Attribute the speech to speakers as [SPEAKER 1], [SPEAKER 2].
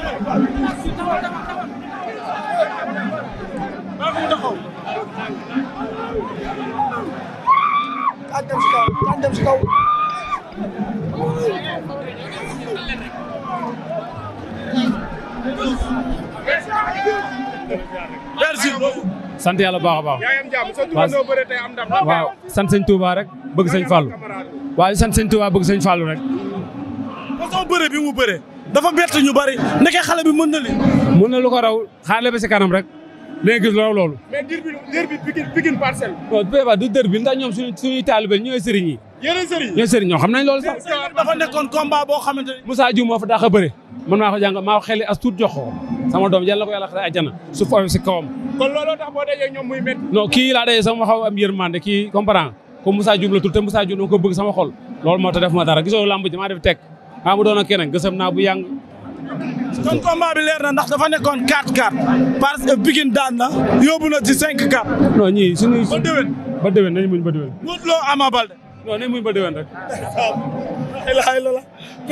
[SPEAKER 1] daan dem si kaw daan dem si kaw. merci. sant yàlla bu baax a baax. waaw sant sëñ Touba rek bëgg sëñ Fallou. waaw sant sëñ Touba bëgg sëñ Fallou rek. façon bëre bi mu dafa bett ñu bari nekkee xale bi mën na li mën na lu ko raw xaale ba si kanam rek léegi gis raw loolu. mais dër bi dër bi pikin pikin parcelle. non bu fekkee du dër bi ndax ñoom suñu suñuy taalibe ñooy sëriñ yi. ñoo xam nañ loolu sax. dafa nekkoon boo xamante ne. Moussa Diouf moo fa daax a bëre man maa ko jàng maa ko xeli as tuut jox ko sama doom yàlla ko yàlla xale àjjana su foofu si kawam. kon looloo tax boo dajee ñoom muy métti. non kii laa dajee sama xaw am yërmande kii comprendre ko Moussa Diouf la te Moussa Diouf dama ko bëgg sama xol loolu moo tax def ma dara gisoo lamb maa ah, mu doon ak keneen gësam naa bu yàng. kon combat bi leer na ndax dafa nekkoon 4-4 parce que Pikine daan na yóbbu na ci 5-4. non ñii suñuy ba déwén ba déwén nañu muñ ba déwén. Modou Lo Ama Baldé. ba déwén rek.